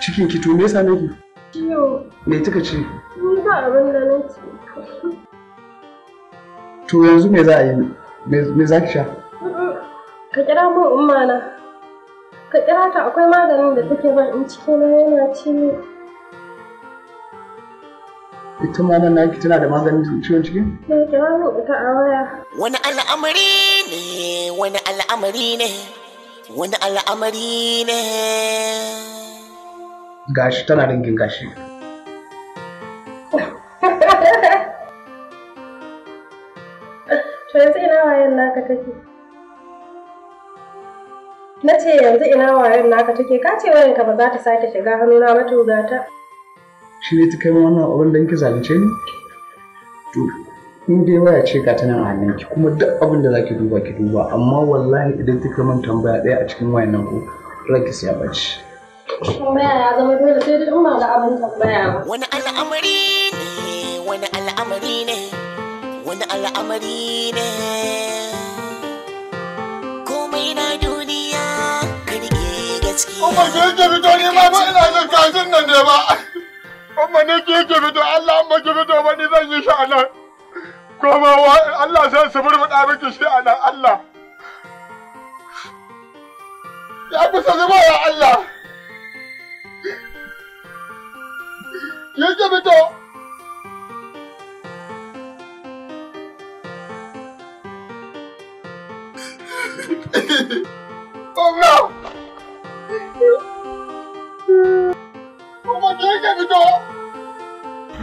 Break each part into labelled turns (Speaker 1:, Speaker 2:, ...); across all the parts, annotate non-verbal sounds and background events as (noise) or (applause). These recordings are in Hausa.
Speaker 1: Cikin ki to me yasa nake? Ciwo. Me kika ce?
Speaker 2: Ni ba abin da nake.
Speaker 1: To yanzu me za a yi? Me za ki sha?
Speaker 2: Ka kira mu umma na. Ka kira ta akwai maganin da take ban in cikin yana ci.
Speaker 1: ita ma nan naki tana da maganin ciwon ciki?
Speaker 2: Ne, kira mu ita a waya. Wani
Speaker 3: al'amari ne, wani al'amari ne. wani al'amari ne
Speaker 1: gashi tana ringin gashi
Speaker 2: to yanzu ina wayan naka take na ce yanzu ina wayan naka take ka ce ka ba za ta sake shiga hannuna ba to gata
Speaker 4: shi ne ta kai wannan
Speaker 1: abin don ki zalunce ni to in dai waya ce ka tana hannun ki kuma duk abin da zaki duba ki duba amma wallahi idan kika man tambaya ɗaya a cikin wayan nan ko
Speaker 5: ranki sai ya bace
Speaker 2: tambaya ya zama dole sai dai in ba abin tambaya ba wani al'amari
Speaker 3: ne wani al'amari ne wani al'amari ne
Speaker 4: komai na duniya kirge gaskiya kuma ke ke fito ne ma ba ina jin kajin nan ne ba amma ne ke ke fito Allah amma ke fito ba ni zan yi sha'anar koma wa Allah sai su burbuɗa miki shi ana Allah ya kusa zuba ya Allah yake fito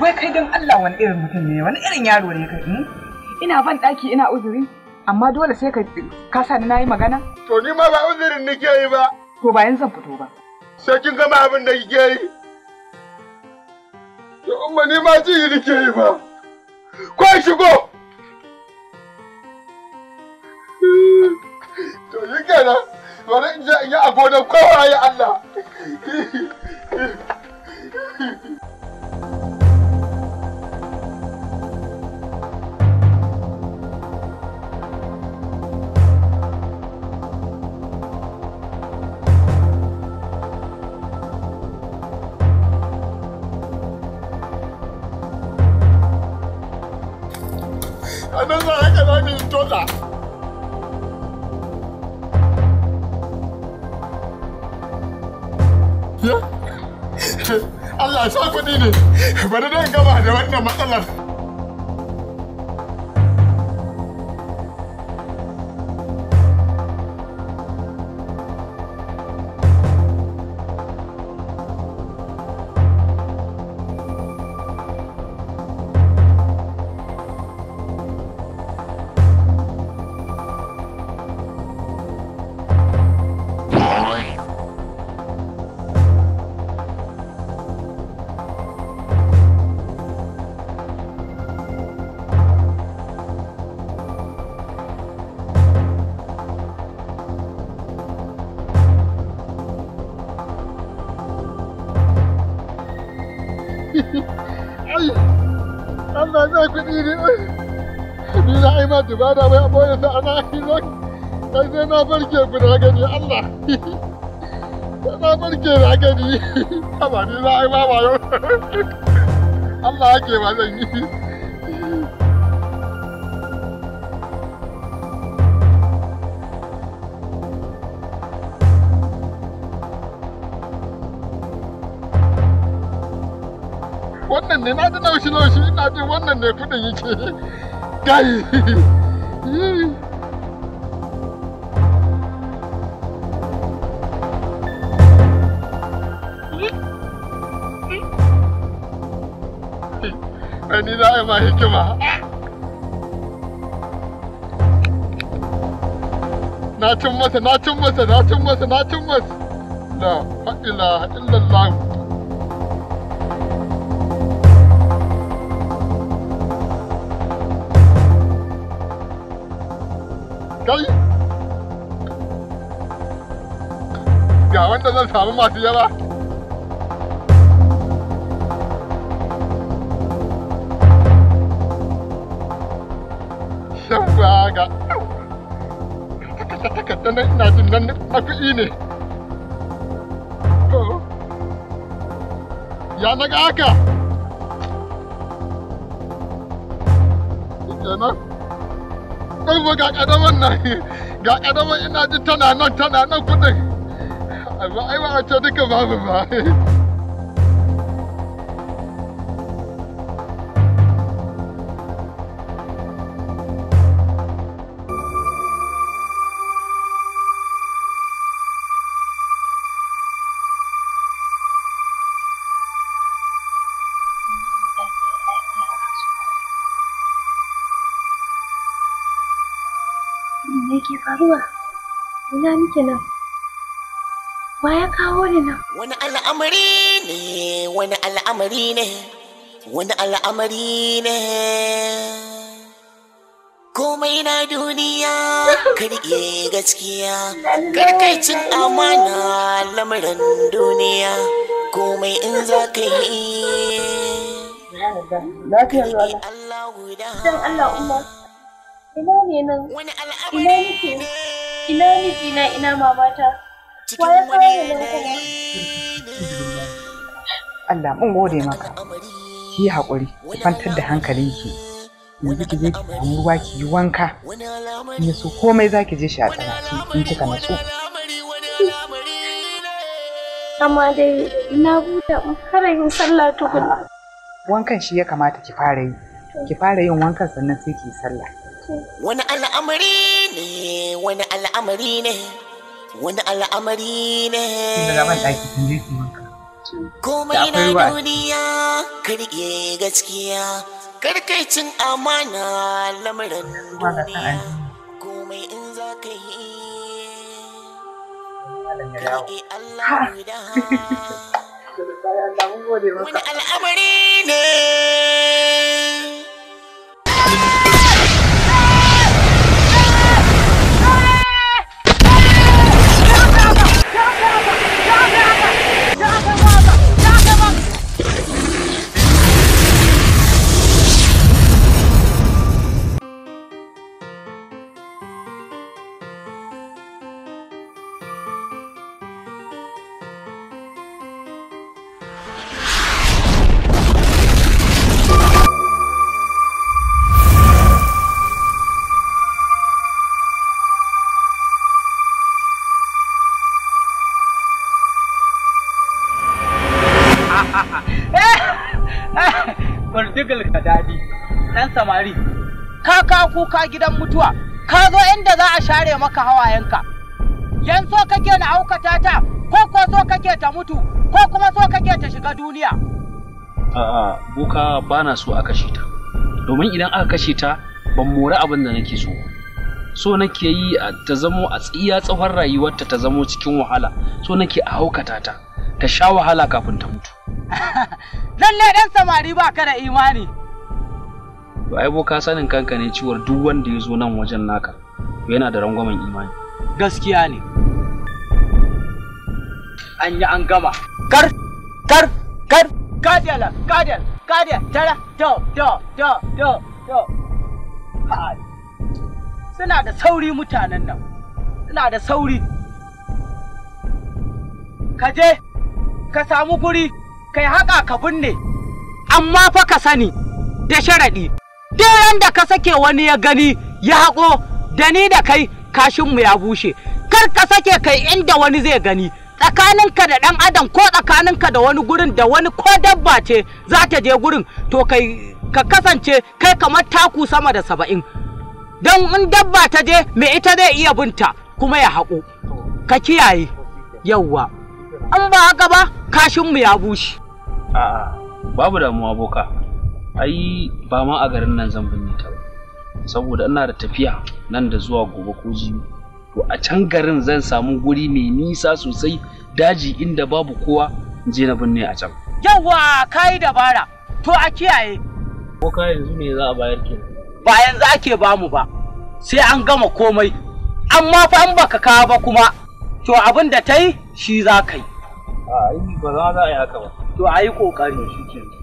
Speaker 5: wai kai don Allah wani irin mutum ne wani irin yaro ne kai hmm? ina ban ɗaki ina uzuri amma dole sai ka kasa ni nayi magana to ni ma ba uzurin nake yi ba to ba yanzu zan fito ba
Speaker 4: sai kin gama abin da kike yi to umma ni ma ji nake yi ba ko shigo to yi kenan wani in ji in yi a gonar kowa ya Allah pensar que no hay ¿Ya? Allah, ¿sabes qué tiene? Pero no hay que matarla. kuɗi ni na yi sa ana kai na barke ku gani Allah na barke gani ni ma ba Allah ba zan yi wannan ne na laushi laushi ina wannan ne kudin yake gai ai ni za a yi ma hikima na cin masa na cin masa na cin masa na cin masa la haɗin lallahu kai wanda zan samu masu yawa yawwa ga takarda na ina jin nan na ne ya naga haka kuma ga ƙadaman nan ga ina jin tana nan tana nan kuɗin ai ba a ce duka babu ba
Speaker 2: ki nan? Wa
Speaker 3: ya kawo ni nan? Wani al'amari ne, wani al'amari ne, wani al'amari ne. Komai na duniya karge gaskiya, karkacin amana lamarin duniya, komai in za ka yi.
Speaker 2: Lafiya zuwa. Dan Allah Ina ne nan? Ina nake? ina ni, ina mamata wa ya ne ni
Speaker 5: Allah mun gode maka ki haƙuri ki kwantar da hankalinki yanzu ki je ki samu ruwa ki yi wanka
Speaker 6: ki so komai za ki je shi a tsanaki in kika natsu
Speaker 2: amma dai na buta kare yin sallah tukuna wankan
Speaker 5: shi ya kamata ki fara yi ki fara yin wankan sannan sai ki yi sallah
Speaker 3: wani al'amari ne wani al'amari ne wani al'amari ne komai na duniya karye gaskiya karkacin amana lamarin duniya komai in za ka yi (laughs) wani al'amari ne
Speaker 5: kuka gidan mutuwa ka zo inda za a share maka hawayenka yan so kake na aukata ta ko ko so kake ta mutu ko kuma so kake ta shiga duniya
Speaker 7: a'a buka
Speaker 1: bana so a kashe ta domin idan aka kashe ta ban mori abin da nake so so nake yi ta zamo a tsiya tsawon rayuwarta ta zamo cikin wahala so nake a aukata ta ta sha wahala kafin ta mutu
Speaker 5: (laughs) lalle dan samari ba ka da imani
Speaker 1: to ai ka sanin kanka ne ciwar duk wanda ya zo nan wajen naka
Speaker 5: to yana da rangwamen imani gaskiya ne an yi an gama kar kar kar kadiyala kadiyal kadiyal tara to to to to to suna da sauri mutanen nan suna da sauri ka je ka samu guri kai haƙa ka binne amma fa ka sani da sharaɗi Duk da ka sake wani ya gani ya haƙo da ni da kai kashinmu ya bushe. Kar ka sake kai inda wani zai gani. Tsakaninka da ɗan adam ko tsakaninka da wani gurin da wani ko dabba ce za ta je gurin to kai ka kasance kai kamar taku sama da saba'in. Don in dabba ta je me ita zai iya binta kuma ya haƙo. Ka kiyaye yauwa. In ba haka ba kashinmu ya bushe.
Speaker 1: A'a babu damuwa boka. ai ba ma a garin nan zan binne ta ba saboda ina da tafiya nan da zuwa gobe ko jibi to a can garin zan samu guri mai nisa sosai daji inda babu kowa in je na binne a can
Speaker 5: yawwa kai dabara to a kiyaye ko ka yanzu me za a bayar ke ba yanzu ake bamu ba sai an gama komai amma fa an baka ka ba kuma to abin da ta shi za ka yi
Speaker 1: a ba za a yi haka ba to a yi kokari shi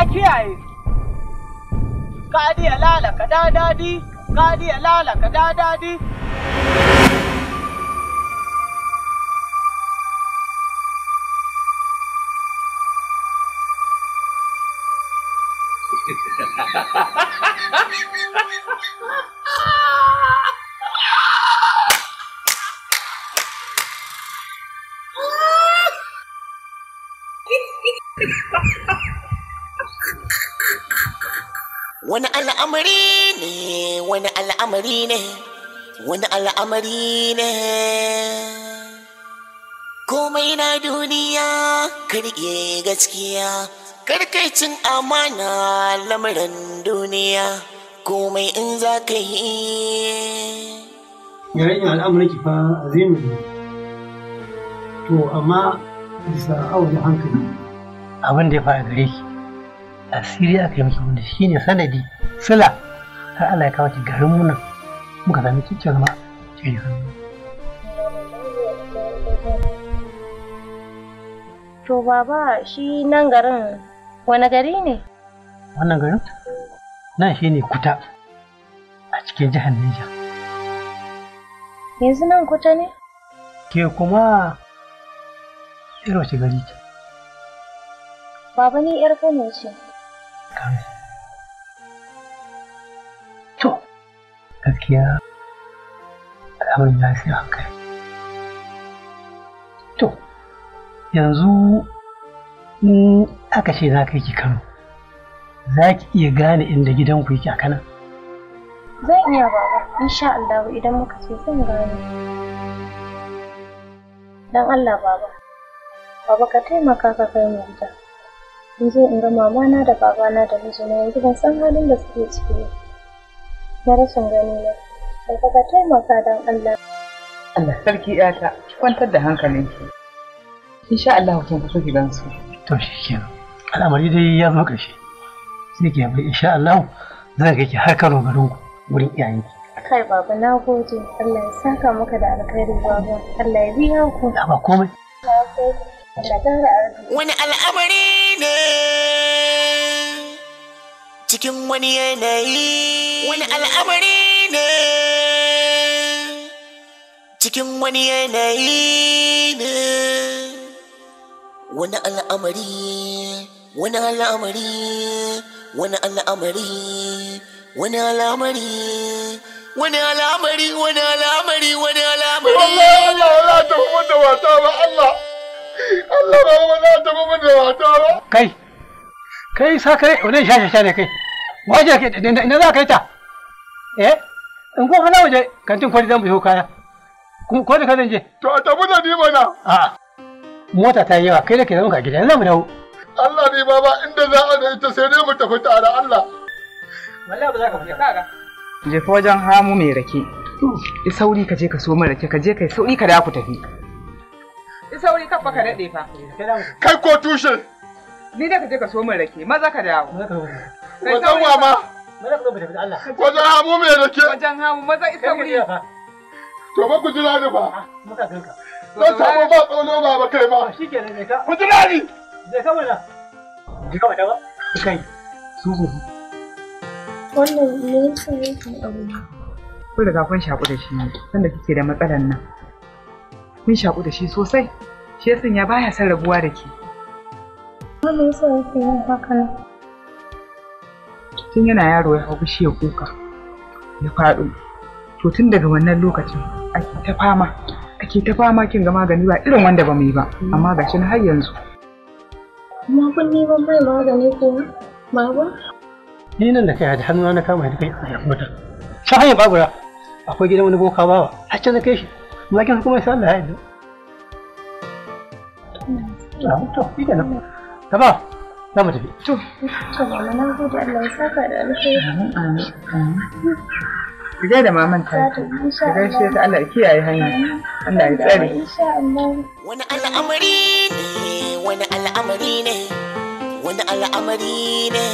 Speaker 5: a kiyaye ka diya lalaka da dadi ka diya lalaka da dadi
Speaker 4: Ha ha
Speaker 3: ha! wani al'amari ne wani al'amari ne wani al'amari ne komai na duniya karge gaskiya karkacin amana lamarin duniya komai in za ka
Speaker 8: yi yanayin al'amari ki fa azimi to amma bisa awon hankali abin da ya fara gare ki asiri ake yi miki wanda shi ne sanadi sila har ala ya kawo garin mu nan muka sami cikin zama cikin zama
Speaker 2: to baba shi nan garin wani gari ne
Speaker 8: wannan garin nan shi ne kuta a cikin jihar Niger
Speaker 2: yanzu nan kuta ne ke kuma
Speaker 8: irwace gari ce
Speaker 2: baba ni yar Kano ce Kame.
Speaker 8: To, gaskiya al'amarin ya sai hankali. To, yanzu in aka ce za ka yi Kano, za ki iya gane inda gidanku yake a kanan?
Speaker 2: Zan iya baba, insha Allah idan muka ce zan gane. Don Allah baba, baba ka taimaka ka kai mu gida. in je in ga mamana da babana da mijina yanzu ban san halin da suke ciki ba na rashin gani na daga ka taimaka don Allah
Speaker 5: Allah sarki yata ki kwantar da hankalinki insha Allah kin fito gidan su.
Speaker 8: to shikenan al'amari dai ya zo karshe sai ki yabi insha Allah zan ga ki har karo garin ku gurin iyayenki
Speaker 2: kai baba na gode Allah ya saka maka da alkhairi baba Allah ya biya ku ba komai Wani al'amari ne
Speaker 3: cikin wani yanayi. Wani al'amari ne cikin wani yanayi ne. Wani al'amari, wani al'amari, wani al'amari, wani al'amari. wani al'amari wani al'amari wani al'amari Wani wani al'amari al'amari wani al'amari wani al'amari
Speaker 4: wani al'amari wani al'amari. Allah ba ba za ta goma da wata ba.
Speaker 8: Kai, kai sa kai wani shashasha ne kai. Waje ke da ina za ka yi ta? Eh? In ko hana waje kantin kwari zan bai biyo kaya. Ko da ka zan je? To a tafi da ni
Speaker 4: mana. A'a.
Speaker 8: Mota ta yi yawa kai da ke zama ka gida yanzu mu dawo.
Speaker 4: Allah ne baba inda za a da ita sai dai mu tafi tare Allah. Wallahi ba za ka fita kaga.
Speaker 8: Jefa
Speaker 5: wajen hamu mai rake. Sauri ka je ka so mai rake ka je ka yi sauri ka da ku tafi. sauri kan baka daɗe fa. Kai ko tushe. Ni da ka je ka so min rake, maza ka dawo. Wajen wa ma. Wajen hamu mai rake. Wajen hamu maza isa wuri.
Speaker 4: To ba ku jira ni ba. Zan samu ba tsono ba ba kai ba. Ku jira ni. Je ka wala. Je ka wata
Speaker 5: ba.
Speaker 8: Kai. Su ku.
Speaker 2: Wannan ne sai ka kan abu.
Speaker 5: Kun riga kun shaƙu da shi ne, sanda kike da matsalar nan. kun shaƙu da shi sosai shi yasan ya baya son rabuwa da ke
Speaker 2: wanda yasa yake yin
Speaker 8: haka
Speaker 5: tun yana yaro ya hau bishiyar kuka ya faɗo to tun daga wannan lokacin ake ta fama ake ta fama kin ga magani
Speaker 8: ba irin wanda ba mu yi ba amma ga shi na har yanzu
Speaker 2: kuma kun neman mai magani kenan baba
Speaker 8: ni nan da kai da hannu na kama da kai a yamma ta Sa hanyar babura akwai gidan wani boka bawa a can na kai shi za ki kuma sai Allah ya yi to shi ke nan ta ba za mu tafi to to da alheri ki
Speaker 5: ga ta ki shi ta Allah kiyaye hanya Allah ya tsare a
Speaker 3: wani al'amari ne wani al'amari ne wani al'amari ne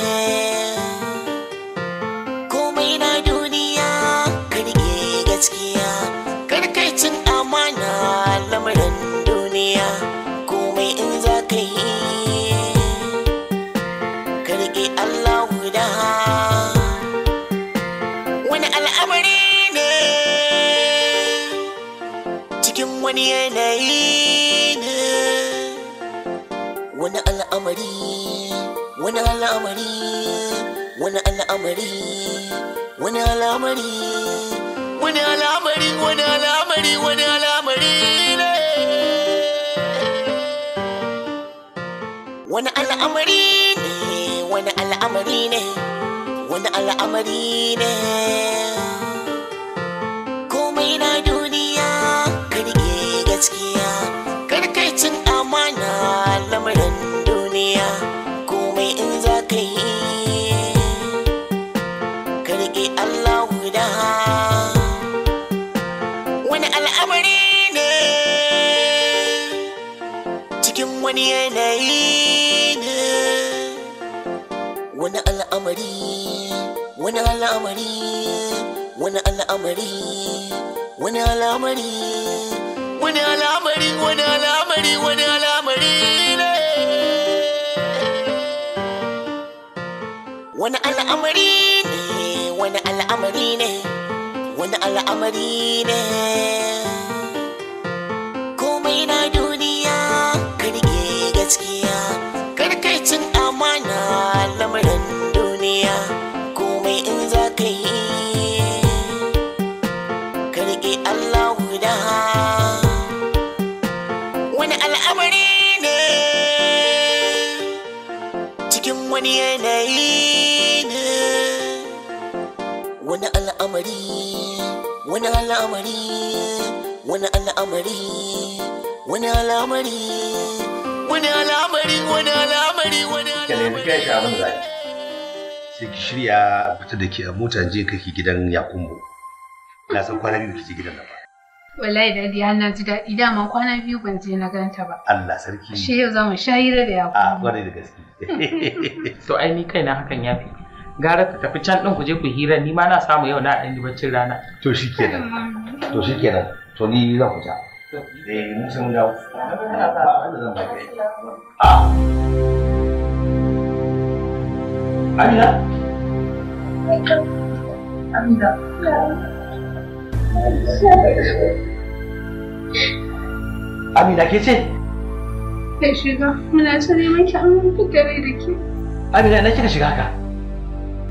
Speaker 3: yanayi ne wani al'amari wani al'amari wani al'amari wani al'amari wani al'amari wani al'amari wani al'amari ne wani al'amari ne wani al'amari ne wani al'amari ne cin amana lamarin duniya komai in za ka yi karki Allah guda wani al'amari ne cikin wani yanayi ne wani al'amari wani al'amari wani al'amari wani al'amari wani al'amari wani al'amari wani al'amari ne wani al'amari ne wani al'amari ne wani al'amari ne
Speaker 9: ki abin da sai ki shirya a fita da ke a mota je kake gidan yakumbo na san kwana biyu kike gidan nan ba
Speaker 7: wallahi dadi har na ji daɗi dama kwana biyu ban je na ganta ba
Speaker 5: Allah sarki
Speaker 9: shi
Speaker 7: yau za mu shayira da yakumbo a ah, kwarai
Speaker 5: da gaske (laughs) to ai ni kaina hakan ya fi gara ta tafi can ɗin ku je ku hira ni ma na samu yau na ɗan yi baccin rana
Speaker 9: to shikenan to shikenan to ni zan fita eh mun san dawo
Speaker 2: ba
Speaker 9: wanda zan ba kai ah. Amina?
Speaker 8: Amina. Amina ke ce?
Speaker 2: Ke shiga, muna cire da ke.
Speaker 8: Amina na shiga haka?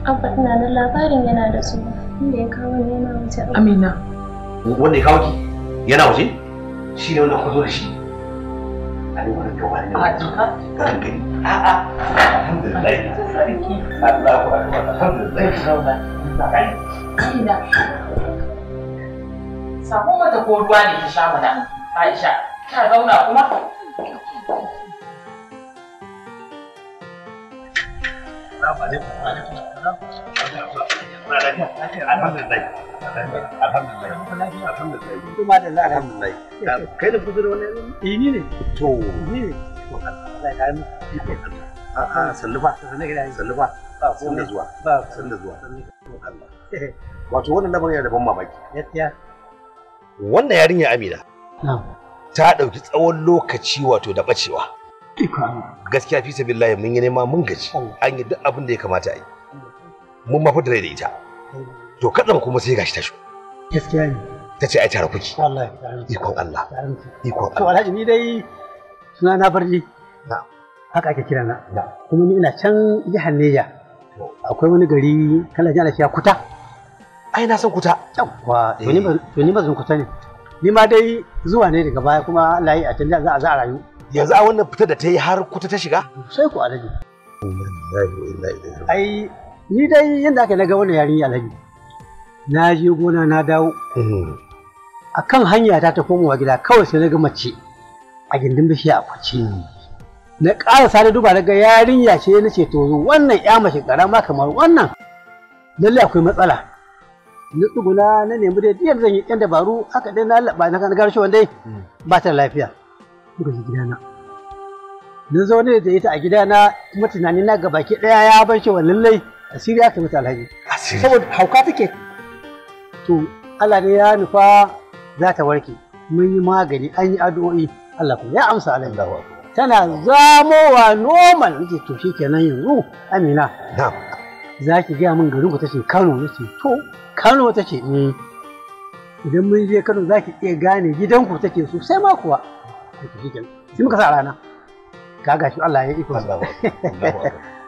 Speaker 2: Abba ina labarin yana da su inda ya kawo ne yana Amina.
Speaker 9: Wanda ya kawo ki yana waje? Shi ne wanda ku zo da shi. A ne wani kawo
Speaker 6: ne.
Speaker 9: A a. alhamdulillah alhamdulillah
Speaker 5: samu mata ko ruwa ne ki sha mana Aisha ta
Speaker 8: zauna kuma Alhamdulillah. Alhamdulillah. Alhamdulillah. Alhamdulillah. Alhamdulillah. Alhamdulillah. Alhamdulillah. Alhamdulillah. Alhamdulillah.
Speaker 9: wannan yarinyar amina ta ɗauki tsawon lokaci wato da bacewa gaskiya fi sabillahi mun yi nema mun gaji an yi duk ya kamata a yi mun da da ita to kaɗan kuma sai gashi
Speaker 8: ta ai tare ikon Allah ikon Allah haka ake kira na kuma ni ina can jihar Neja akwai wani gari kala jihar Neja kuta ai na san kuta yawa to ni eh. to ni bazan kuta ne ni ma dai zuwa ne daga baya kuma Allah ya tanda za a za a rayu yanzu a wannan fita da ta yi har kuta ta shiga sai ku alaji ai ni dai yanda aka naga wannan yarinya alaji na je gona na dawo mm-hmm. akan hanya ta ta komowa gida kawai sai na ga mace a gindin bishiya a kwace mm. na ƙara sa duba daga yarinya ce na ce to wannan ya mace karama kamar wannan lalle akwai matsala na tsuguna na nemi da yadda zan yi yan dabaru haka dai na laɓa na ganar garshe wanda hmm. ba ta lafiya suka ji gidana na zaune da ita a gidana kuma tunani na ga baki ɗaya ya bar shi lallai asiri aka mata alhaji saboda hauka take to Allah ne ya nufa za ta warke mun yi magani an yi addu'o'i Allah kuma ya amsa alhaji tana zamowa normal nake to shi kenan yanzu amina za ki gaya min garin ku ta ce kano na ce to kano ta ce ni. Eh, idan mun je kano za ki iya gane gidanku ta ce sosai ma kuwa shi muka sa rana kaga shi Allah ya iko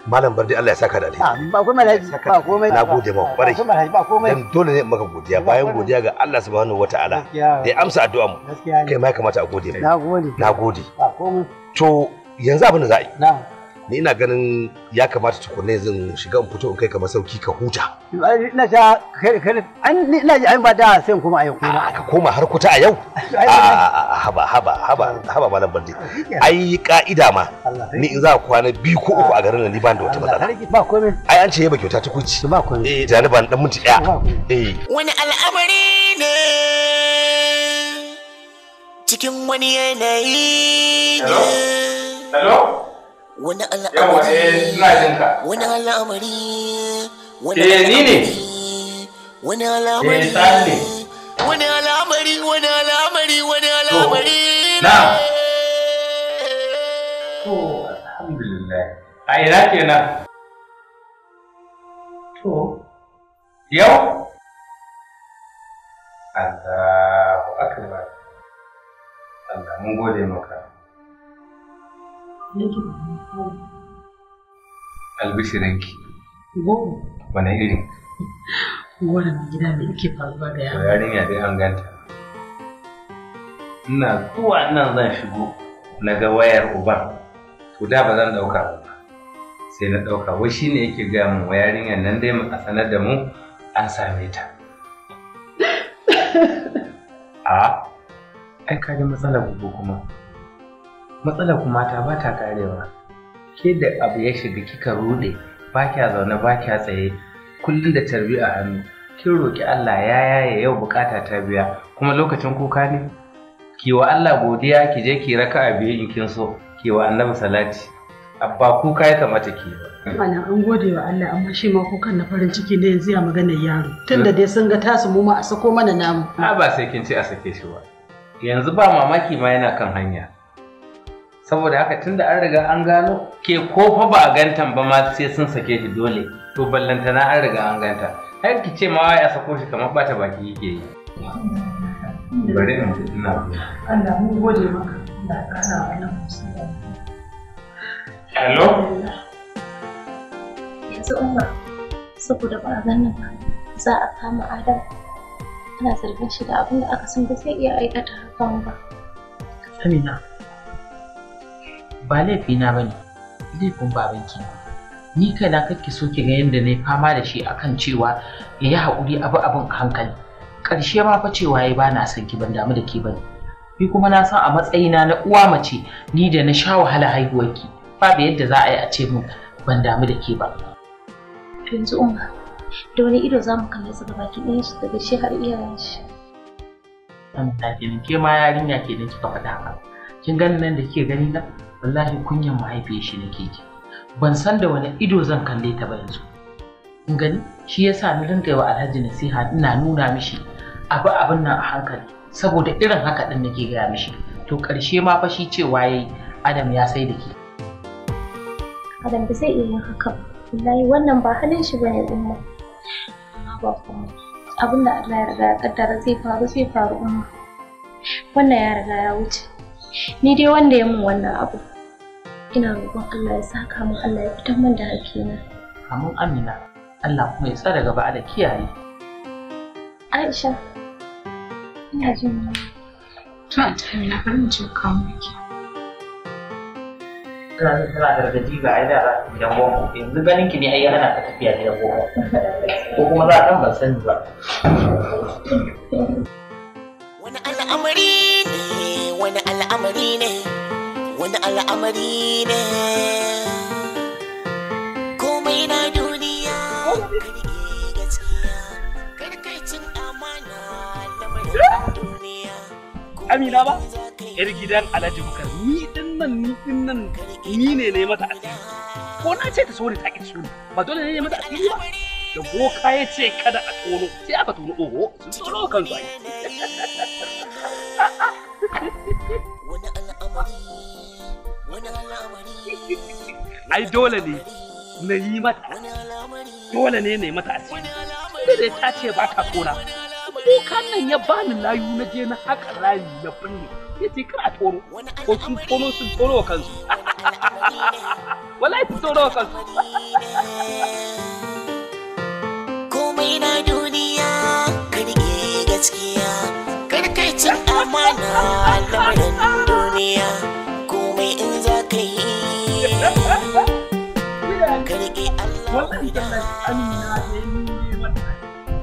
Speaker 8: malam
Speaker 9: bardi Allah ya saka da
Speaker 8: alheri ba komai ba komai na gode ma kwarai ba komai dan
Speaker 9: dole ne maka godiya bayan godiya ga Allah subhanahu wataala da ya amsa addu'a mu kai ma ya kamata a gode na gode na gode ba komai to yanzu abin da za a yi ni ina ganin ya kamata tukunne zan shiga in fito in kai kamar sauki ka huta
Speaker 8: ina ja an ina ji an ba da sai kuma a kuma ka koma har kuta a yau (laughs)
Speaker 9: haba haba haba haba malam bardi (laughs) ai ka'ida ma ni in za ku kwana biyu ko uku a garin nan ni ban da wata matsala ba komai ai an ce yaba kyauta ta kunci ba komai eh jani ban dan minti daya eh
Speaker 3: wani al'amari ne cikin wani yanayi eh, ne wani al'amari wani al'amari wani al'amari wani al'amari wani al'amari wani al'amari wani
Speaker 7: al'amari na to alhamdulillah a ina kenan to yau Allahu akbar Allah mun gode maka. Albishirinki. Gobe. Wane iri?
Speaker 8: Wane mai gida mai yake faruwa da yaro. ya
Speaker 7: dai an ganta. Ina zuwa nan zan shigo na ga wayar uban. To da ba zan ɗauka ba. Sai na ɗauka wai shi ne yake gaya mu wa yarinyar nan dai a sanar da mu an same ta. (laughs) A ai ka ji matsalar gobe kuma matsalar kuma ta ba ta karewa ke da abu ya shiga kika rude ba kya zaune ba kya tsaye kullum da tarbi a hannu kin roki Allah ya yaye yau bukata ta biya kuma lokacin kuka ne ki wa Allah godiya ki je ki raka a biyu in kin so ki wa annabi salati abba kuka ya kamata ki
Speaker 5: mana an gode wa Allah amma shi ma kukan na farin ciki ne yanzu ya magana yaro tunda dai sun ga tasu mu ma a sako mana namu
Speaker 7: a ba sai kin ce a sake shi ba yanzu ba mamaki ma yana kan hanya saboda haka tunda an riga an gano ke ko fa ba a gantan ba ma sai sun sake shi dole to ballantana an riga an ganta har ki ce ma a sako shi kamar bata baki yake yi bari in ina Allah mu gode maka da
Speaker 2: kana wannan hello yanzu umma saboda ba a ganin za a kama adam ana zargin shi da abin da aka san ba zai iya aikata hakan ba.
Speaker 8: Amina,
Speaker 5: ba laifi ba ne, laifin babanki ne. Ni kaina kake so ki ga yadda na yi fama da shi akan cewa ya yi haƙuri abu abin a hankali. Ƙarshe ma fa cewa ya ba na son ki ban damu da ke bane. Ni kuma na san a matsayina na uwa mace ni da na sha wahala haihuwarki. da yadda za a yi a ce min ban damu da ke ba.
Speaker 2: Yanzu umma, da wani ido za mu kalle su baki ɗayan su daga shi har iyayen shi
Speaker 5: kan ne, ke ma yarinya ke nan kika faɗa haka kin gani nan da kike gani na wallahi kunyan mahaifiyar shi nake ji ban san da wani ido zan kalle ta ba yanzu kin gani shi yasa ni rinka yi wa Alhaji nasiha ina nuna mishi abu abin nan a hankali saboda irin haka ɗin nake gaya mishi to ƙarshe ma fa shi cewa yayi Adam ya sai da ke
Speaker 2: Adam ba zai iya haka wallahi wannan ba halin shi bane umma ba abin da Allah ya riga ya kaddara zai faru zai faru umma wannan ya riga ya wuce ni dai wanda ya mun wannan abu ina roƙon Allah ya saka ma Allah ya fitar min da hakina
Speaker 8: amin amina Allah kuma ya sa daga ba da kiyaye
Speaker 6: Aisha ina jin to ta amina bari mu je kawo
Speaker 8: tana son tana gargaji ga ai gidan yanzu
Speaker 6: ganin ki ne ai yana ta tafiya gidan goma ko kuma za a kan sani ba
Speaker 3: wani al'amari komai na duniya
Speaker 1: Amina ba, 'yar gidan Alhaji Bukar ni nan ni din nan ni ne ne mata asiri ko na ce ta so ne ta kici so ba dole ne ne mata asiri ba da boka ya ce kada a tono sai aka tono oho sun tono kansu ai
Speaker 3: wani al'amari
Speaker 1: ai dole ne na yi mata dole ne na yi mata asiri
Speaker 5: da ta ce ba ta tona
Speaker 1: bokan nan ya bani layu na je na haka layu na binne ya ce kar tsoro ko su tsoro sun tsoro kansu (laughs) wallahi su tsoro kansu
Speaker 3: (laughs) komai na duniya karge gaskiya karkacin amana lamarin duniya komai in za ka yi karge Allah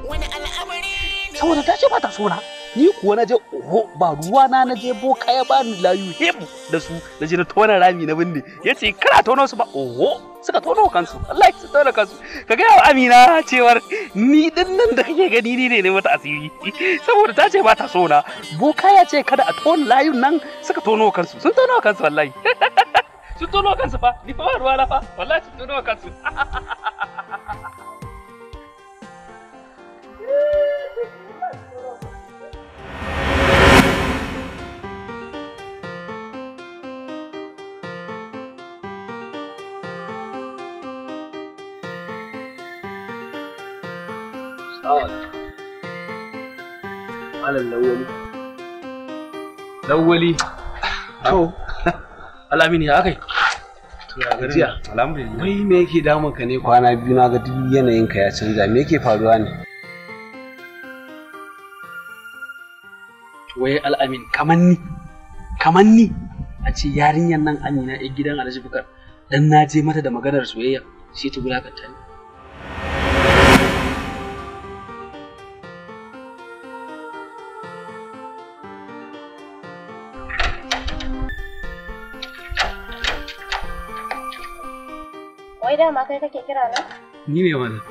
Speaker 3: wani al'amari
Speaker 1: ne saboda ta ce ba ta tsora ni kuwa na je oho ba ruwa na na je bo kaya ba ni layu him da su na je na tona rami na binne ya ce kana tona su ba oho suka tona kansu Allah ya tona kansu ka ga Amina cewar ni din nan da kake gani ne ne mata asiri (laughs) saboda ta ce ba ta so na bo kaya ce kada a tona layun nan suka tona kansu sun tona kansu wallahi (laughs) sun tono kansu fa ni fa ruwa na fa wallahi sun tono kansu Thank (laughs) you. Malam Lawali. Lawali. To. Alamini ya akai. Jiya. Alhamdulillah. Wai me yake damun ka ne kwana biyu na ga duk yanayin ka ya canza me yake faruwa ne? Wai al'amin kamanni ni. A ce yarinyar nan Amina 'yar gidan Alhaji Bukar dan na je mata da maganar soyayya sai ta wulakanta ni.
Speaker 2: wai dama kai kake kira na? Ni ne mana.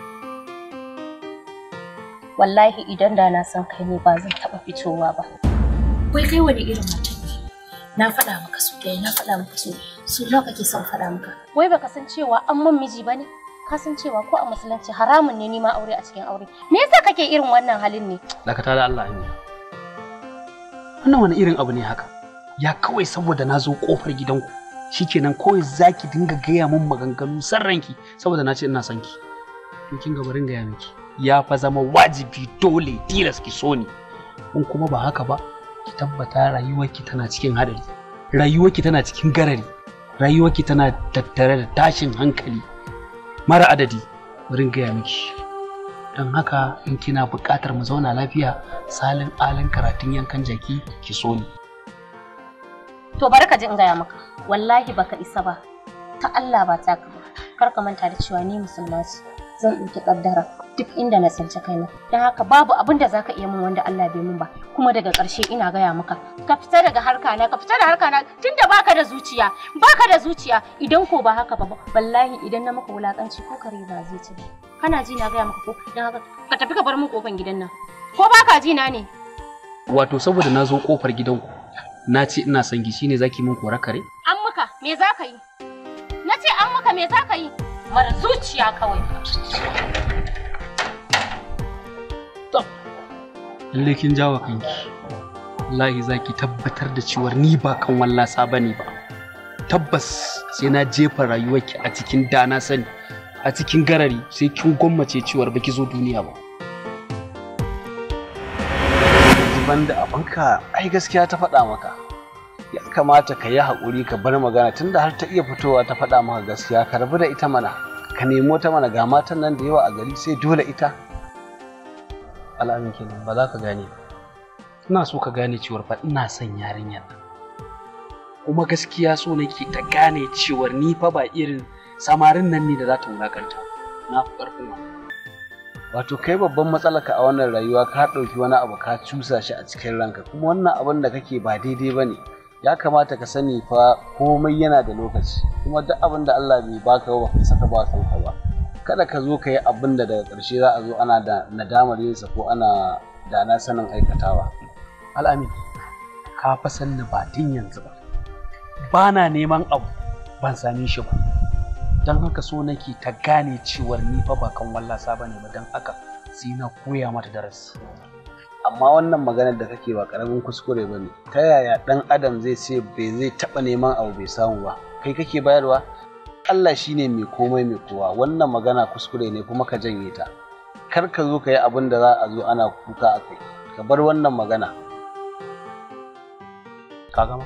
Speaker 2: Wallahi idan da na san kai ne ba zan taɓa fitowa ba. Wai kai wani irin mutum ne? Na faɗa maka su ɗaya, na faɗa maka su su nawa kake son faɗa maka. Wai baka san cewa an man miji ba ne? Ka san cewa ko a musulunci haramun ne nima aure a cikin aure. Me yasa kake irin wannan halin ne?
Speaker 1: Dakata da Allah amina. Wannan wani irin abu ne haka? Ya kawai saboda na zo ƙofar gidanku. shikenan kawai zaki dinga gaya min maganganu san ranki saboda na ce ina son ki to kin ga barin gaya miki ya fa zama wajibi dole tilas ki so ni in kuma ba haka ba ki tabbata rayuwarki tana cikin hadari rayuwarki tana cikin garari rayuwarki tana tattare da tashin hankali mara adadi barin gaya miki don haka in kina buƙatar mu zauna lafiya salin alin karatun yankan jaki ki so ni
Speaker 2: to bari ka ji in gaya maka wallahi baka isa ba ta Allah ba ta ba kar ka manta da cewa ni musulma ce zan ɗauki kaddara. duk inda na tsinci kaina don haka babu abin da zaka iya min wanda Allah bai min ba kuma daga ƙarshe ina gaya maka ka fita daga harka na ka fita da harka na tunda baka da zuciya baka da zuciya idan ko ba haka ba wallahi idan na maka wulakanci ko kare ba zai ci kana ji na gaya maka ko don haka ka tafi ka bar min kofar gidan nan ko baka ji na ne
Speaker 1: wato saboda na zo kofar gidanku na ce ina son gishi ne zaki min kore kare
Speaker 2: me za ka yi? Na ce an maka me za ka yi? Mara zuciya kawai.
Speaker 1: Lallai kin jawa kanki. za ki tabbatar da cewar ni ba kan wallasa ba ne ba. Tabbas sai na jefa rayuwarki a cikin dana sani, a cikin garari sai kin gwammace cewar baki zo duniya ba. Banda abanka ai gaskiya ta faɗa maka. ya kamata ka yi haƙuri ka bar magana tunda har ta iya fitowa ta faɗa maka gaskiya ka rabu da ita mana ka nemo ta mana ga matan nan da yawa a gari sai dole ita al'amin kenan ba za ka gane ina so ka gane cewar fa ina son yarinyar kuma gaskiya so nake ta gane cewar ni fa ba irin samarin nan ne da za ta wulakanta na fi ƙarfin wato kai babban matsalaka a wannan rayuwa ka ɗauki wani abu ka cusa shi a cikin ranka kuma wannan abin da kake ba daidai ba ne ya kamata ka sani fa komai yana da lokaci kuma duk abin da Allah bai baka ba ka saka ba kanka ba kada ka zo ka yi abin da daga ƙarshe za a zo ana da nadamar yinsa ko ana da na sanin aikatawa al'amin ka fa sanni ba tun yanzu ba ba na neman abu ban same shi ba don haka so nake ta gane cewar ni fa ba kan wallasa ba ne ba don haka sai na koya mata darasi amma wannan maganar da kake ba karamin kuskure ba ne ta yaya ɗan adam zai ce bai zai taɓa neman abu bai samu ba kai kake bayarwa Allah shine mai komai mai kowa wannan magana kuskure ne kuma ka janye ta kar ka zo ka yi abin da za a zo ana kuka a kai ka bar wannan magana ka gama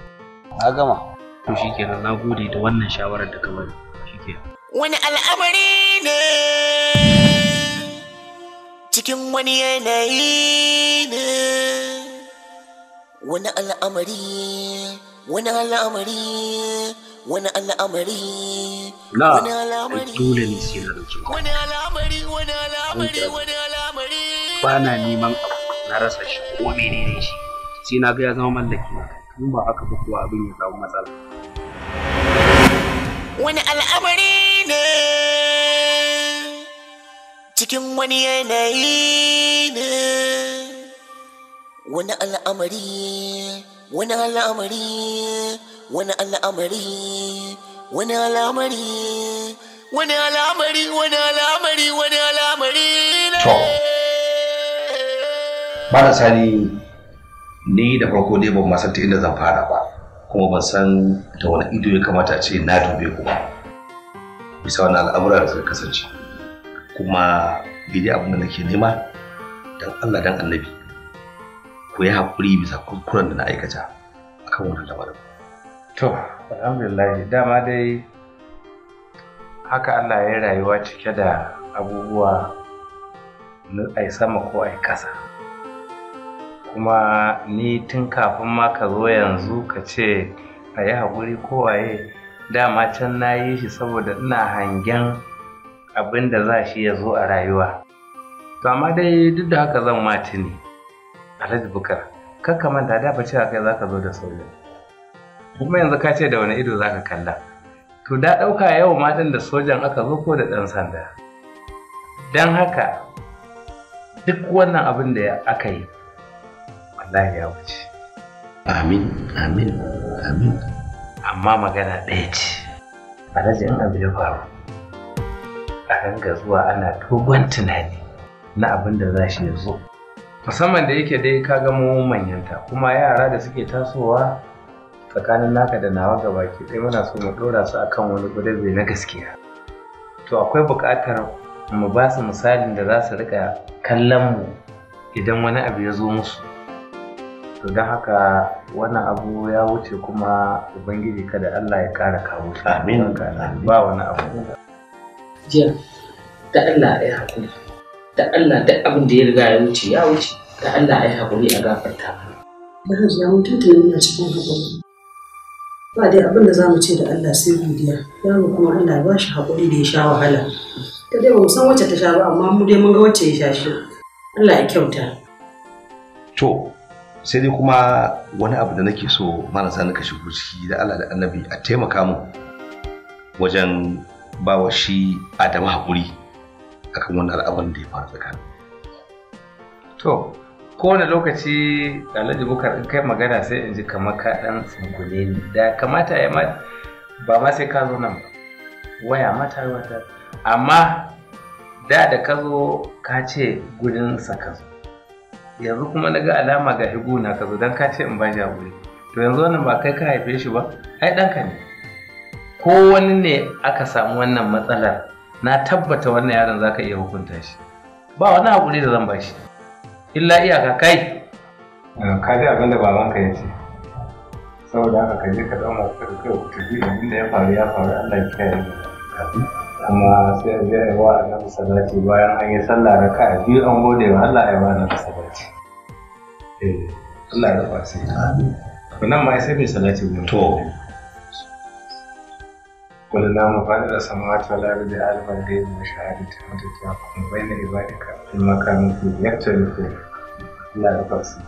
Speaker 1: ka gama to shikenan na gode da wannan shawarar da ka bani shikenan
Speaker 3: wani al'amari ne cikin wani yanayi ne wani al'amari wani al'amari wani al'amari
Speaker 6: wani al'amari dole ne sai na
Speaker 1: dauke wani al'amari wani al'amari wani al'amari ba na neman abu na rasa shi ko menene shi sai na ga ya zama mallaki na kan ba haka ba kuwa abin ya zama matsala
Speaker 3: wani al'amari ne cikin wani yanayi ne wani al'amari wani al'amari wani al'amari wani al'amari wani al'amari wani al'amari wani al'amari
Speaker 9: ne na sani ni da farko dai ban masar ta inda zan fara ba kuma ban san da wani ido ya kamata a ce na dube ku ba bisa wani al'amura da suka kasance kuma bidi abin da nake nema dan Allah dan annabi ku yi haƙuri bisa kuskuren da na aikata akan wannan lamarin to
Speaker 7: alhamdulillah dama dai haka Allah ya yi rayuwa cike da abubuwa ai sama ko ai ƙasa kuma ni tun kafin ma ka zo yanzu ka ce a yi haƙuri kowaye dama can na yi shi saboda ina hangen abin da za shi ya zo a rayuwa to amma dai duk da haka zan mati ne alhaji bukar kakka manta da ba cewa kai ka zo da sauri kuma yanzu ka ce da wani ido za ka kalla to da ɗauka yau ma ɗin da sojan aka zo ko da ɗan sanda don haka duk wannan abin da aka yi wallahi ya wuce amin amin amin amma magana ɗaya ce alhaji in abu ya faru a ranga zuwa ana dogon tunani na abin da za shi zo musamman da yake dai ka ga mu manyanta kuma yara da suke tasowa tsakanin naka da nawa ga baki ɗaya muna so mu ɗora su akan wani gudube na gaskiya to akwai buƙatar mu ba su misalin da za su riƙa kallon mu idan wani abu ya zo musu to don haka wannan abu ya wuce kuma ubangiji kada Allah ya kara kawo shi amin ba wani abu jiya da Allah ya haƙuri da Allah da abin da ya riga ya wuce ya wuce da Allah
Speaker 1: ya haƙuri a gafarta mana.
Speaker 8: Bahar ya mutu da nuna cikin haƙuri. Ba dai abin da za mu ce da Allah sai godiya yaro kuma Allah ba shi haƙuri da ya sha wahala.
Speaker 5: Ta dai ba mu san wacce ta sha ba amma mu dai mun ga wacce ya sha shi. Allah ya kyauta.
Speaker 9: To sai dai kuma wani abu da nake so marasa ka shigo ciki da Allah da annabi a taimaka mu wajen ba wa shi adama haƙuri kan wani al'amarin da ya faru tsakanin.
Speaker 7: To, kowane lokaci Alhaji Bukar in kai magana sai in ji kamar ka ɗan tsungule da kamata ya ma ba ma sai ka zo nan ba. Waya mata wata amma da da ka zo ka ce gudun sa ka zo. Yanzu kuma na ga alama ga higuna ka zo don ka ce in ba jagori. To yanzu wannan ba kai ka haife shi ba, ai ɗanka ne. ko wani ne aka samu wannan matsalar na tabbata wannan yaron zaka iya hukunta shi ba wani hakuri da zan ba shi illa iyaka kai eh, ka ji abin da babanka ya ce saboda haka ka je ka zama ka kai ku tafi abin da ya faru ya faru Allah ya kiyaye kuma sai a je a yi wa bayan an yi sallah raka a biyu an gode wa Allah ya wa annabi salati eh Allah ya rufa sai nan ma sai mai salati guda to قل اللهم فاطر السماوات والارض عالم الغيب وشهاده انت تحكم بين عبادك فيما كانوا فيه يختلفون لا
Speaker 2: تقصد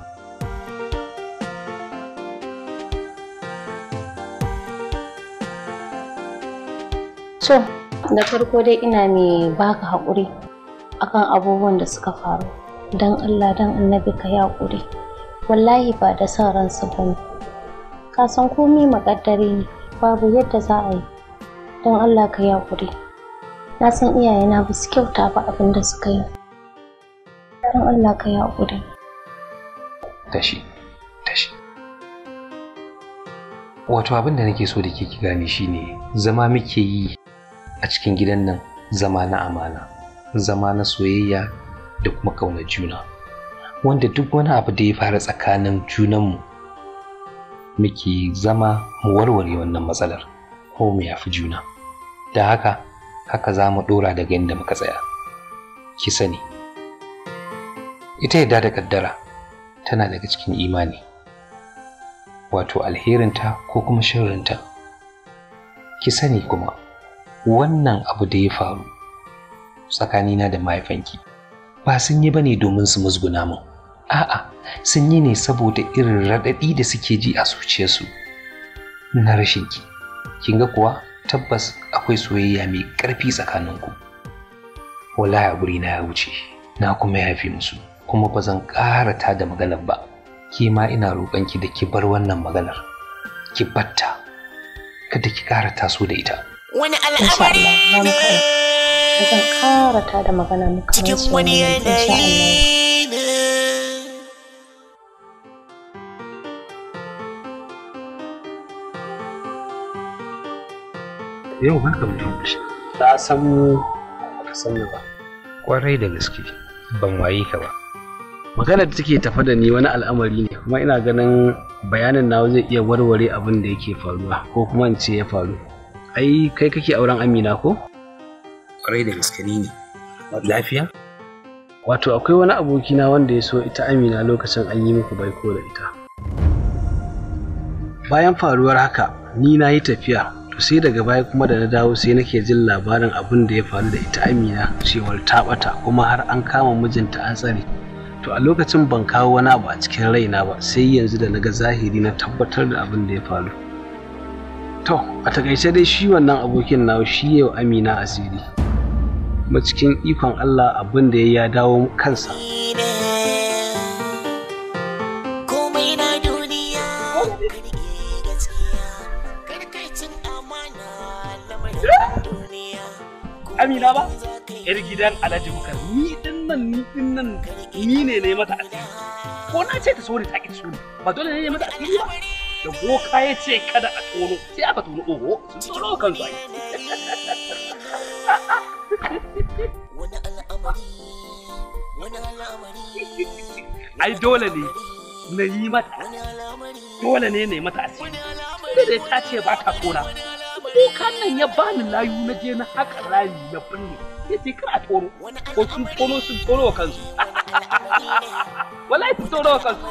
Speaker 2: To, da farko dai ina mai baka haƙuri akan abubuwan da suka faru. Don Allah don annabi ka yi haƙuri. Wallahi ba da son ransa ba ne. Ka san komai maƙaddari ne, babu yadda za a yi. don Allah ka yi hakuri na san iyayena ba su kyauta ba abin da suka yi don Allah ka yi hakuri
Speaker 6: tashi tashi wato abin da nake so da ke ki gane shine zama muke yi a cikin gidan nan zama na amana zama na soyayya da kuma ƙauna juna
Speaker 8: wanda duk wani
Speaker 6: abu da ya fara tsakanin junanmu muke zama mu warware wannan matsalar ko mu yafi juna da haka haka za mu ɗora daga inda muka tsaya ki sani ita yadda da kaddara tana daga cikin imani wato alherinta ko kuma shirinta ki sani kuma wannan abu da ya faru tsakanina da mahaifanki ba sun yi bane domin su musguna min a'a sun yi ne saboda irin raɗaɗi da suke ji a suciyarsu. na rashin ki kin ga kuwa tabbas akwai soyayya mai ƙarfi tsakaninku wallahi guri na ya wuce na kuma yafi musu kuma ba zan ƙara ta da maganar ba ke ma ina ki da ki bar wannan maganar ki batta kada ki ƙara taso da ita
Speaker 3: wani al'amari ne zan ƙara da maganar cikin wani yanayi
Speaker 6: yau barka mu tashi ta san mu ba san ni ba kwarai da gaske ban waye ka ba magana da take tafa da
Speaker 1: ni wani al'amari ne kuma ina ganin bayanin na zai iya warware abin da yake faruwa ko kuma in ce ya faru ai kai kake auren amina ko kwarai da gaske ne lafiya wato akwai wani abokina wanda ya so ita amina lokacin an yi muku baiko da ita bayan faruwar haka ni na yi tafiya to sai daga baya kuma da na dawo sai nake jin labarin abin da ya faru da ita amina cewar ta bata kuma har an kama mijinta an tsare to a lokacin ban kawo wani abu a cikin raina ba sai yanzu da na ga zahiri na tabbatar da abin da ya faru to a takaice dai shi wannan abokin nawa shi yau amina asiri Ma cikin ikon allah abin da ya dawo kansa amina ba yar gidan alhaji bukar ni din nan ni din nan ni ne ne mata alheri ko na ce ta so ne ta ki so ba dole ne ne mata alheri ba da boka ya ce kada a tono sai aka tono oho sun tono kan su ai dole ne na yi mata dole ne ne mata asiri da ta ce ba ta tona kukan nan ya bani layu na je na haka layu ya binne ya ce kar a toro ko sun toro sun toro wa kansu
Speaker 5: (laughs) wallahi
Speaker 1: sun toro wa kansu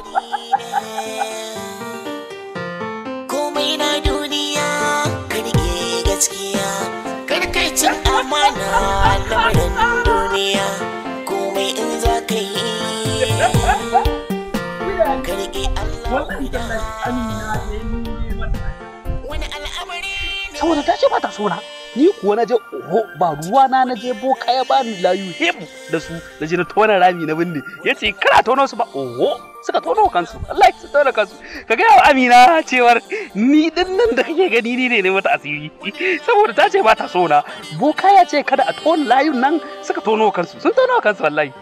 Speaker 5: (laughs) komai na duniya
Speaker 3: karke gaskiya karkacin amana lamarin duniya komai in za ka yi (laughs) karke Allah wallahi da amina ne
Speaker 1: saboda ta ce ba ta sona ni kuwa na je oho ba ruwa na na je kaya ba ni layu hebu da su na je na tona rami na binne ya ce kana tono su ba oho suka tono kansu Allah ya tona kansu ka ga yawa Amina cewar ni din nan da kake gani ni ne ne mata asiri saboda ta ce ba ta sona bo kaya ce kada a tona layu nan suka tono kansu sun tono kansu wallahi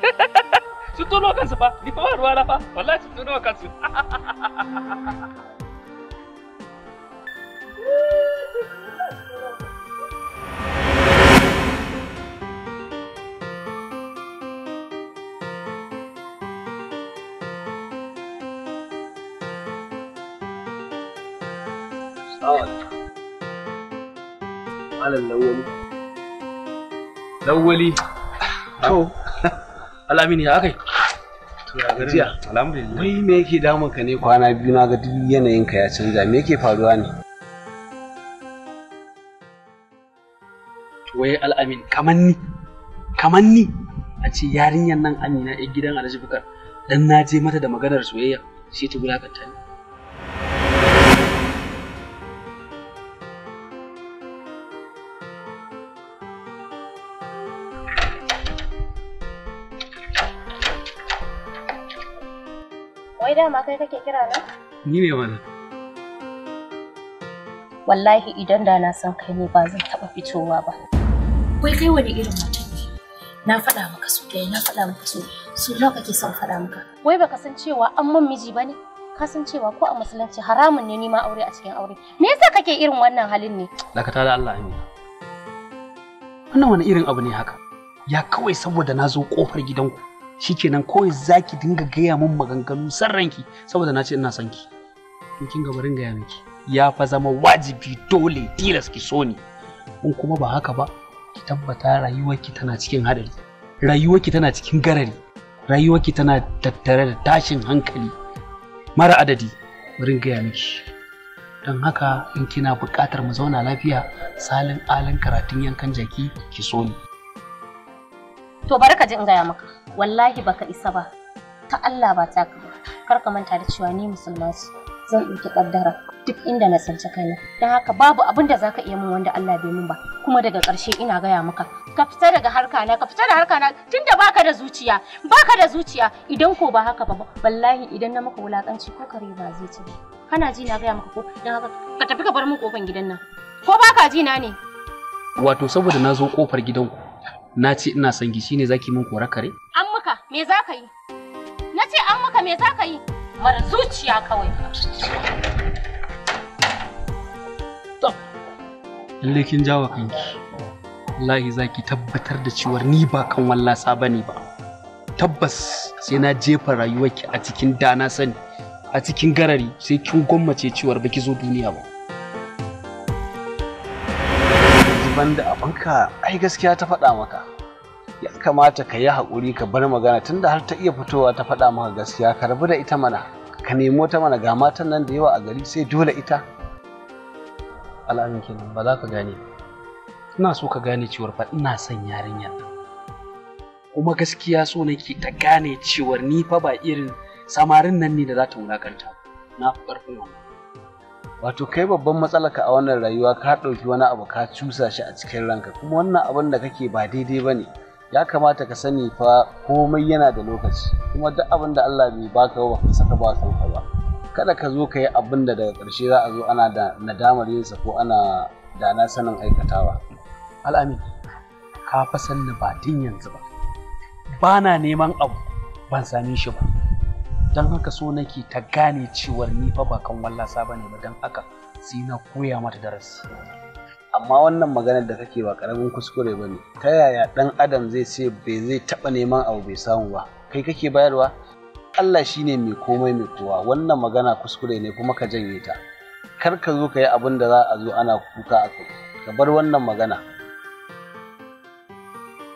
Speaker 1: (laughs) sun tono kansu fa ni fa ruwa na fa wallahi sun tono kansu Woo! (laughs) Malam Lawali. Lawali. To, (laughs) Alamini ya akai. Gajiya. Alhamdulillah. Wai me yake damun ka ne kwana biyu na ga duk yanayin ka ya canza me yake faruwa ne? Wai Al'amin kaman ni kaman ni a ce yarinyar nan Amina ya gidan Alhaji Bukar dan na je mata da maganar soyayya sai ta wulakanta ni.
Speaker 2: dama kai kake kira na? Ni me mana. Wallahi idan da na san kai ne ba zan taɓa fitowa ba. Wai kai wani irin mutum ne? Na faɗa maka so ɗaya, na faɗa maka so su nawa kake son faɗa maka. Wai baka san cewa an man miji ba ne? Ka san cewa ko a musulunci haramun ne nima aure a cikin aure. Me yasa kake irin wannan halin ne?
Speaker 1: Dakata da Allah Amina. Wannan wani irin abu ne haka? Ya kawai saboda na zo ƙofar gidanku. Shi shikenan kawai zaki dinga gaya min maganganu san ranki saboda na ce ina son ki to kin ga barin gaya ya fa zama wajibi
Speaker 6: dole tilas ki so ni
Speaker 1: in kuma ba haka ba ki tabbata rayuwarki tana cikin hadari rayuwarki tana cikin garari rayuwarki tana tattare da tashin hankali mara adadi barin gaya miki don haka in kina buƙatar mu zauna lafiya salin alin karatun yankan jaki ki so ni
Speaker 2: To bari ka ji in gaya maka. Wallahi baka isa ba. Ta Allah ba ta ka. Kar ka manta da cewa ni musulma ce. Zan ɗauki kaddara duk inda na tsinci kaina. Don haka babu abin da zaka iya min wanda Allah bai min ba. Kuma daga ƙarshe ina gaya maka. Ka fita daga harka na, ka fita da harka na tunda baka da zuciya. Baka da zuciya idan ko ba haka ba wallahi idan na maka wulakanci ko kare ba zai ci. Kana ji na gaya maka ko don haka ka tafi ka bar min kofar gidan nan. Ko baka ji na ne?
Speaker 1: Wato saboda na zo kofar gidanku na ce ina son ki ne zaki min kore kare
Speaker 2: an muka. me za ka yi na ce an muka. me za ka yi mara zuciya kawai
Speaker 1: lalle kin jawa kanki wallahi zaki tabbatar da cewa ni ba kan wallasa ne ba tabbas sai na jefa rayuwarki a cikin dana sani a cikin garari sai kin gwammace cewar baki zo duniya ba banda abinka ai gaskiya ta faɗa maka ya kamata ka yi hakuri ka bar magana tunda har ta iya fitowa ta faɗa maka gaskiya ka rabu da ita mana ka nemo ta mana ga matan nan da yawa a gari sai dole ita al'amin kenan ba za ka gane ina so ka gane cewar fa ina son yarinyar kuma gaskiya so nake ta gane cewar ni fa ba irin samarin nan ne da za ta wulakanta na fi ƙarfin wannan wato kai babban matsalaka a wannan rayuwa ka ɗauki wani abu ka cusa shi a cikin ranka kuma wannan abin da kake ba daidai ba ne ya kamata ka sani fa komai yana da lokaci kuma duk abin da Allah bai baka ba ka saka ba kanka ba kada ka zo ka yi abin da daga ƙarshe za a zo ana da nadamar yinsa ko ana da na sanin aikatawa al'amin ka fa sanni ba tun yanzu ba ba na neman abu ban same shi ba don haka so nake ta gane cewar ni fa ba kan wallasa ba ne ba don haka sai na koya mata darasi amma wannan maganar da kake ba karamin kuskure ba ne ta yaya ɗan adam zai ce bai zai taba neman abu bai samu ba kai kake bayarwa Allah shine mai komai mai kowa wannan magana kuskure ne kuma ka janye ta kar ka zo ka yi abin da za a zo ana kuka a kai ka bar wannan magana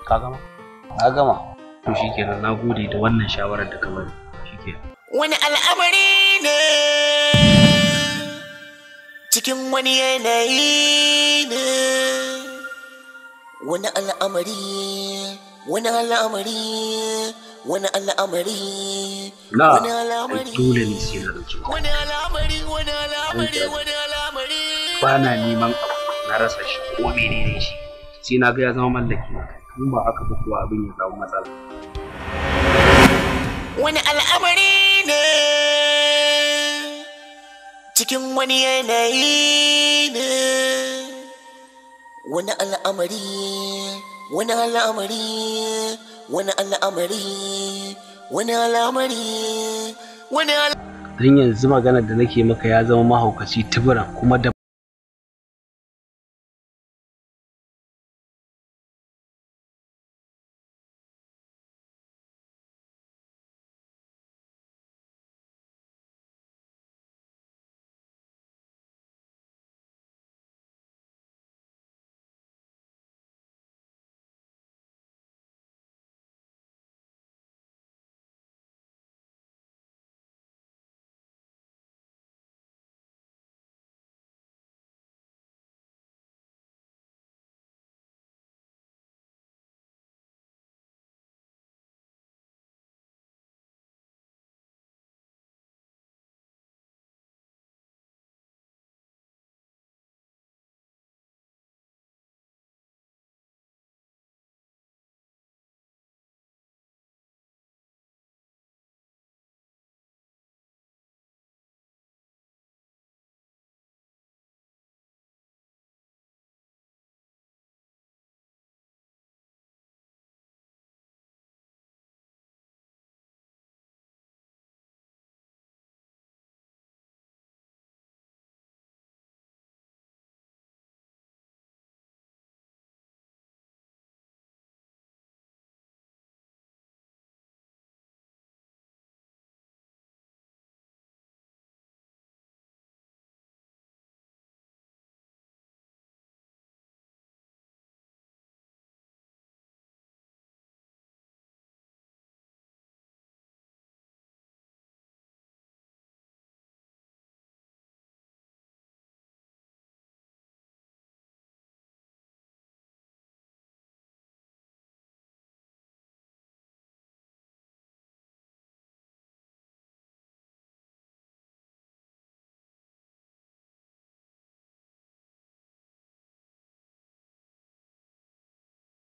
Speaker 1: ka gama ka gama to shikenan na gode da wannan shawarar da ka bani tafiya. Wani
Speaker 3: al'amari ne cikin wani yanayi ne wani al'amari wani al'amari wani al'amari wani al'amari
Speaker 1: dole ne sai na dauki wani al'amari wani al'amari wani al'amari ba na neman abu na rasa shi ko menene shi sai na ga ya zama mallaki na in ba haka ba kuwa abin ya zama matsala
Speaker 3: wani al'amari ne cikin wani yanayi ne wani al'amari wani al'amari wani al'amari wani al'amari wani al'amari
Speaker 4: don yanzu maganar da nake maka ya zama mahaukaci tuburan kuma da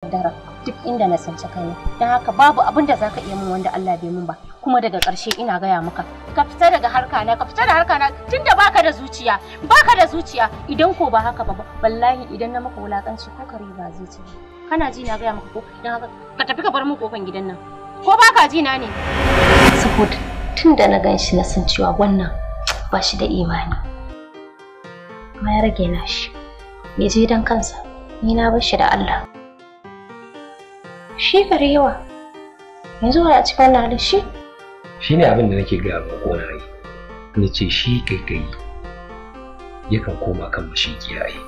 Speaker 2: kadara duk inda na sanci kaina don haka babu abin da zaka iya min wanda Allah bai min ba kuma daga ƙarshe ina gaya maka ka fita daga harka na ka fita da harka na tunda baka da zuciya baka da zuciya idan ko ba haka ba wallahi idan na maka wulakanci ko kare ba zai ci kana ji na gaya maka ko don haka ka tafi ka bar mu kofan gidan nan ko baka ji na ne saboda tunda na gan shi na san cewa wannan ba shi da imani ma ya rage na shi ya je don kansa ni na bar shi da Allah shi kare yawa yanzu a cikin wannan da shi
Speaker 6: shi ne abin da nake gaya ba kona na yi na ce shi kai yakan koma kan mashigiya kiyaye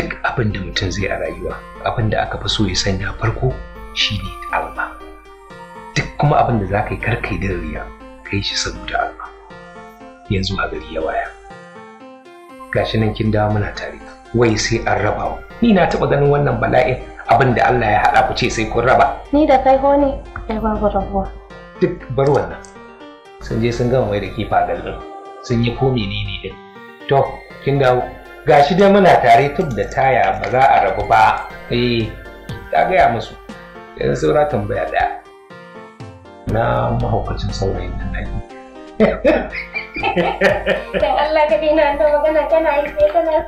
Speaker 6: duk abin da mutum zai a rayuwa abin da aka fi so ya sanya farko shi ne alma duk kuma abin da za ka yi karkai da riya kai shi saboda alma yanzu a gari ya waya gashi nan kin dawo muna tare wai sai an raba ni na taɓa ganin wannan bala'in abin da Allah ya haɗa ku ce sai kun raba.
Speaker 2: Ni da kai ho ne, kai babu rabuwa.
Speaker 6: Duk bar wannan. Sun je sun gama mai da kifa ɗin sun yi ne ne din. To, kin dawo. Gashi dai muna tare tub da taya ba za a rabu ba. Eh, ta gaya musu. Yanzu saura tambaya ɗaya. Na mahaukacin saurayin nan
Speaker 2: naki. (laughs) Dan Allah ka dina ta magana kana yi sai kana.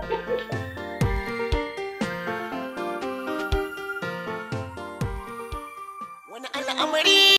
Speaker 5: ready.